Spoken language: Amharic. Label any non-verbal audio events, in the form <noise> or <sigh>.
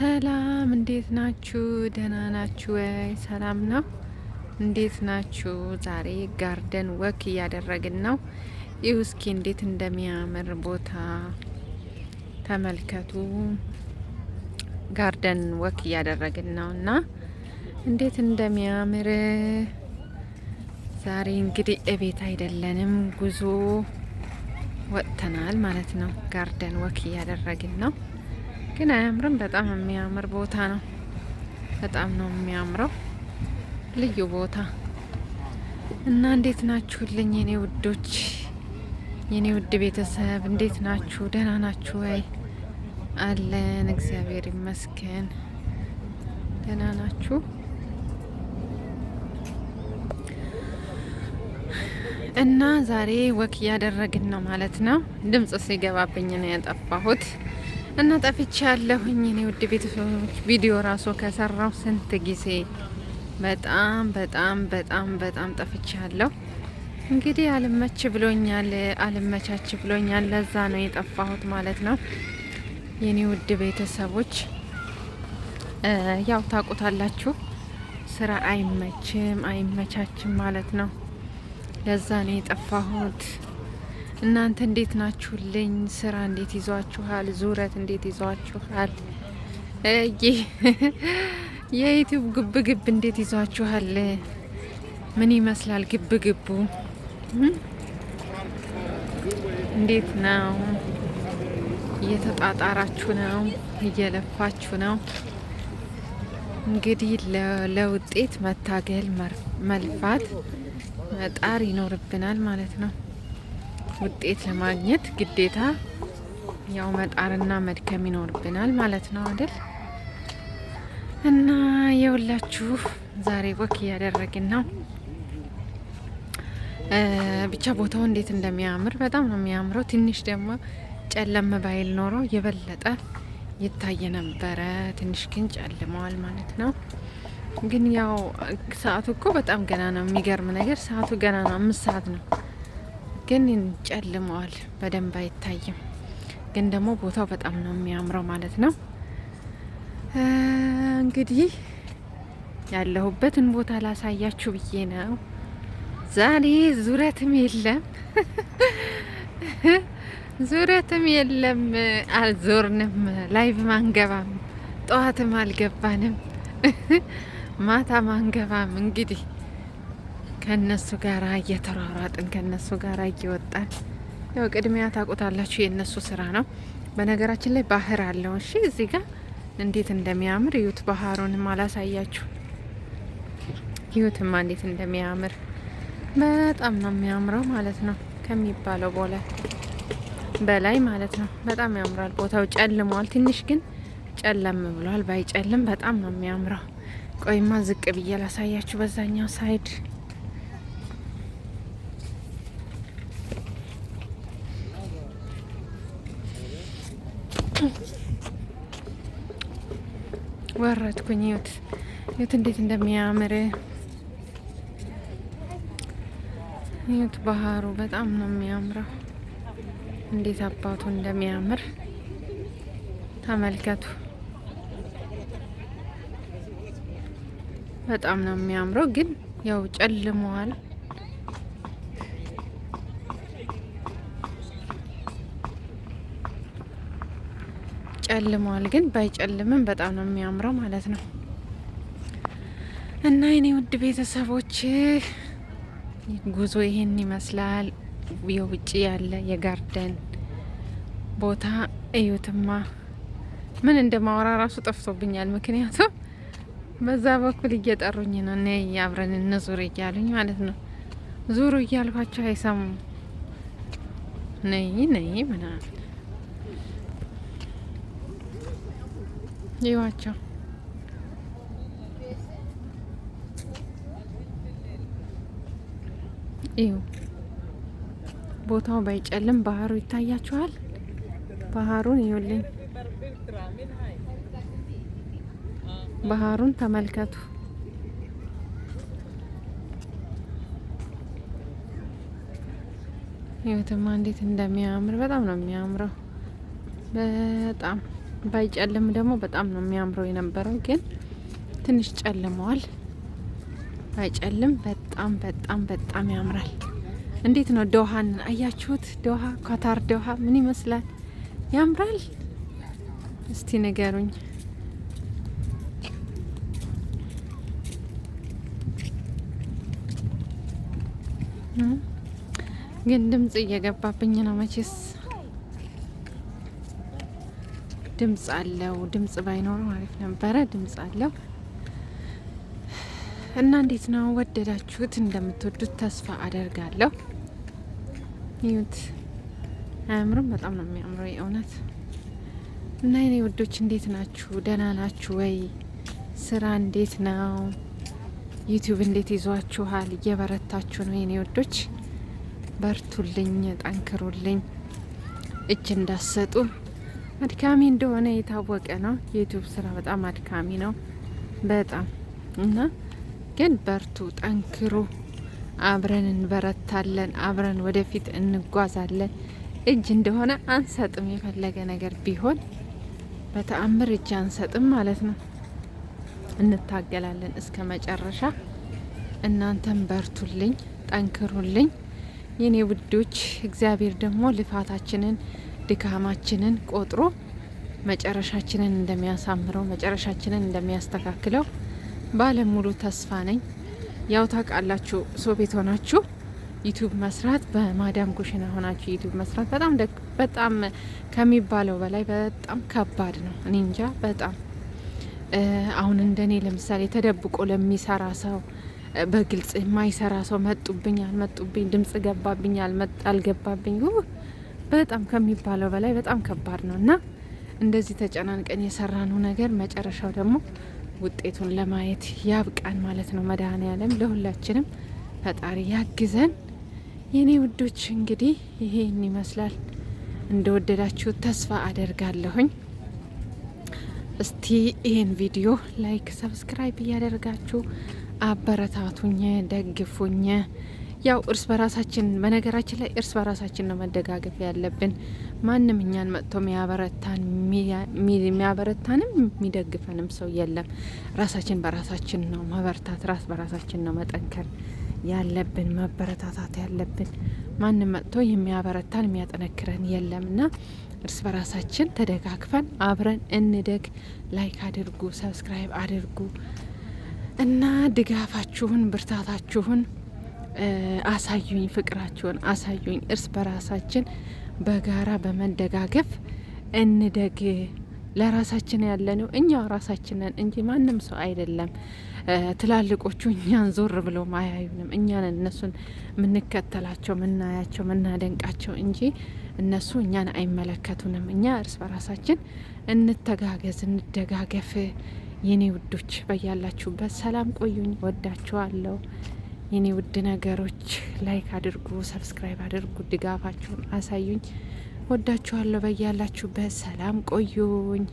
ሰላም እንዴት ናችሁ? ደህና ናችሁ ወይ? ሰላም ነው። እንዴት ናችሁ? ዛሬ ጋርደን ወክ እያደረግን ነው። ይህ እስኪ እንዴት እንደሚያምር ቦታ ተመልከቱ። ጋርደን ወክ እያደረግን ነው እና እንዴት እንደሚያምር ዛሬ እንግዲህ እቤት አይደለንም፣ ጉዞ ወጥተናል ማለት ነው። ጋርደን ወክ እያደረግን ነው ግን አያምርም? በጣም የሚያምር ቦታ ነው። በጣም ነው የሚያምረው፣ ልዩ ቦታ እና እንዴት ናችሁልኝ የኔ ውዶች፣ የኔ ውድ ቤተሰብ እንዴት ናችሁ? ደህና ናችሁ ወይ? አለን እግዚአብሔር ይመስገን። ደህና ናችሁ? እና ዛሬ ወክ እያደረግን ነው ማለት ነው። ድምጽ ሲገባብኝ ነው ያጠፋሁት። እና ጠፍቼ ያለሁኝ እኔ ውድ ቤተሰቦች ቪዲዮ ራሱ ከሰራው ስንት ጊዜ በጣም በጣም በጣም በጣም ጠፍቼ ያለሁ። እንግዲህ አልመች ብሎኛል፣ አልመቻች ብሎኛል። ለዛ ነው የጠፋሁት ማለት ነው የኔ ውድ ቤተሰቦች። ያው ታውቁታላችሁ፣ ስራ አይመችም አይመቻችም ማለት ነው። ለዛ ነው የጠፋሁት። እናንተ እንዴት ናችሁልኝ? ስራ እንዴት ይዟችኋል? ዙረት እንዴት ይዟችኋል? <laughs> የዩቲዩብ ግብ ግብ እንዴት ይዟችኋል? ምን ይመስላል ግብ ግቡ? እንዴት ነው? እየተጣጣራችሁ ነው? እየለፋችሁ ነው? እንግዲህ ለውጤት መታገል መልፋት መጣር ይኖርብናል ማለት ነው። ውጤት ለማግኘት ግዴታ ያው መጣርና መድከም ይኖርብናል ማለት ነው አይደል? እና የሁላችሁ ዛሬ ወክ እያደረግን ነው። ብቻ ቦታው እንዴት እንደሚያምር በጣም ነው የሚያምረው። ትንሽ ደግሞ ጨለም ባይል ኖሮ የበለጠ ይታየ ነበረ። ትንሽ ግን ጨልመዋል ማለት ነው። ግን ያው ሰዓቱ እኮ በጣም ገና ነው። የሚገርም ነገር ሰዓቱ ገና ነው። አምስት ሰዓት ነው። ግን ጨልመዋል፣ በደንብ አይታይም። ግን ደግሞ ቦታው በጣም ነው የሚያምረው ማለት ነው። እንግዲህ ያለሁበትን ቦታ ላሳያችሁ ብዬ ነው። ዛሬ ዙረትም የለም <laughs> ዙረትም የለም፣ አልዞርንም፣ ላይቭም አንገባም፣ ጠዋትም አልገባንም፣ <laughs> ማታም አንገባም እንግዲህ ከነሱ ጋር እየተሯሯጥን ከነሱ ጋር እየወጣን ያው ቅድሚያ ታቁታላችሁ የእነሱ ስራ ነው። በነገራችን ላይ ባህር አለው። እሺ እዚህ ጋር እንዴት እንደሚያምር እዩት። ባህሩንም አላሳያችሁ እዩትማ እንዴት እንደሚያምር በጣም ነው የሚያምረው ማለት ነው፣ ከሚባለው በላይ በላይ ማለት ነው። በጣም ያምራል። ቦታው ጨልሟል ትንሽ ግን ጨለም ብሏል። ባይጨልም በጣም ነው የሚያምረው። ቆይማ ዝቅ ብዬ ላሳያችሁ በዛኛው ሳይድ ወረድኩኝ። ይሁት ይሁት እንዴት እንደሚያምር ይሁት። ባህሩ በጣም ነው የሚያምረው። እንዴት አባቱ እንደሚያምር ተመልከቱ። በጣም ነው የሚያምረው፣ ግን ያው ጨልመዋል። ጨልሟል፣ ግን ባይጨልምም በጣም ነው የሚያምረው ማለት ነው። እና የኔ ውድ ቤተሰቦች ጉዞ ይሄን ይመስላል። የውጭ ያለ የጋርደን ቦታ እዩትማ። ምን እንደማወራ ራሱ ጠፍቶብኛል። ምክንያቱም በዛ በኩል እየጠሩኝ ነው፣ እኔ አብረን እንዙር እያሉኝ ማለት ነው። ዙሩ እያልኳቸው አይሰሙም። ነይ ነይ ምናምን ይዋቸው ይሁ ቦታው ባይጨልም ባህሩ ይታያችኋል። ባህሩን ይሁልኝ፣ ባህሩን ተመልከቱ። ህይወትማ እንዴት እንደሚያምር በጣም ነው የሚያምረው በጣም ባይጨልም ደግሞ በጣም ነው የሚያምረው የነበረው፣ ግን ትንሽ ጨልመዋል። ባይጨልም በጣም በጣም በጣም ያምራል። እንዴት ነው ዶሃን አያችሁት? ዶሃ ኳታር ዶሃ ምን ይመስላል? ያምራል። እስቲ ንገሩኝ። ግን ድምጽ እየገባብኝ ነው መቼስ ድምፅ አለው። ድምፅ ባይኖረው አሪፍ ነበረ። ድምፅ አለው እና እንዴት ነው ወደዳችሁት? እንደምትወዱት ተስፋ አደርጋለሁ። ይዩት፣ አያምርም? በጣም ነው የሚያምረው የእውነት። እና የኔ ውዶች እንዴት ናችሁ? ደህና ናችሁ ወይ? ስራ እንዴት ነው? ዩቲዩብ እንዴት ይዟችኋል? እየበረታችሁ ነው የኔ ውዶች። በርቱልኝ፣ ጠንክሩልኝ፣ እጅ እንዳሰጡ አድካሚ እንደሆነ የታወቀ ነው። የዩቲዩብ ስራ በጣም አድካሚ ነው። በጣም እና ግን በርቱ፣ ጠንክሩ፣ አብረን እንበረታለን፣ አብረን ወደፊት እንጓዛለን። እጅ እንደሆነ አንሰጥም፣ የፈለገ ነገር ቢሆን በተአምር እጅ አንሰጥም ማለት ነው። እንታገላለን እስከ መጨረሻ። እናንተም በርቱልኝ፣ ጠንክሩልኝ የኔ ውዶች። እግዚአብሔር ደግሞ ልፋታችንን ድካማችንን ቆጥሮ መጨረሻችንን እንደሚያሳምረው መጨረሻችንን እንደሚያስተካክለው ባለሙሉ ተስፋ ነኝ። ያው ታውቃላችሁ፣ ሰው ቤት ሆናችሁ ዩቱብ መስራት በማዳም ኩሽና ሆናችሁ ዩቱብ መስራት በጣም በጣም ከሚባለው በላይ በጣም ከባድ ነው። እኔ እንጃ በጣም አሁን እንደኔ ለምሳሌ ተደብቆ ለሚሰራ ሰው በግልጽ የማይሰራ ሰው መጡብኝ አልመጡብኝ፣ ድምጽ ገባብኝ አልገባብኝ በጣም ከሚባለው በላይ በጣም ከባድ ነው እና እንደዚህ ተጨናንቀን የሰራነው ነገር መጨረሻው ደግሞ ውጤቱን ለማየት ያብቃን ማለት ነው። መድኃኔ ዓለም ለሁላችንም ፈጣሪ ያግዘን። የኔ ውዶች እንግዲህ ይሄን ይመስላል። እንደወደዳችሁ ተስፋ አደርጋለሁኝ። እስቲ ይህን ቪዲዮ ላይክ፣ ሰብስክራይብ እያደረጋችሁ አበረታቱኝ፣ ደግፉኝ። ያው እርስ በራሳችን በነገራችን ላይ እርስ በራሳችን ነው መደጋገፍ ያለብን። ማንም እኛን መጥቶ የሚያበረታን የሚያበረታንም የሚደግፈንም ሰው የለም። ራሳችን በራሳችን ነው መበርታት፣ ራስ በራሳችን ነው መጠንከር ያለብን መበረታታት ያለብን። ማንም መጥቶ የሚያበረታን የሚያጠነክረን የለም እና እርስ በራሳችን ተደጋግፈን አብረን እንደግ። ላይክ አድርጉ፣ ሰብስክራይብ አድርጉ እና ድጋፋችሁን ብርታታችሁን አሳዩኝ፣ ፍቅራችሁን አሳዩኝ፣ እርስ በራሳችን በጋራ በመደጋገፍ እንደግ። ለራሳችን ያለነው እኛ ራሳችንን እንጂ ማንም ሰው አይደለም። ትላልቆቹ እኛን ዞር ብለው አያዩንም። እኛን እነሱን የምንከተላቸው ምናያቸው፣ ምናደንቃቸው እንጂ እነሱ እኛን አይመለከቱንም። እኛ እርስ በራሳችን እንተጋገዝ፣ እንደጋገፍ። የኔ ውዶች በያላችሁበት ሰላም ቆዩኝ። ወዳችኋለሁ። የኔ ውድ ነገሮች ላይክ አድርጉ፣ ሰብስክራይብ አድርጉ፣ ድጋፋችሁን አሳዩኝ። ወዳችኋለሁ። በያላችሁበት ሰላም ቆዩኝ።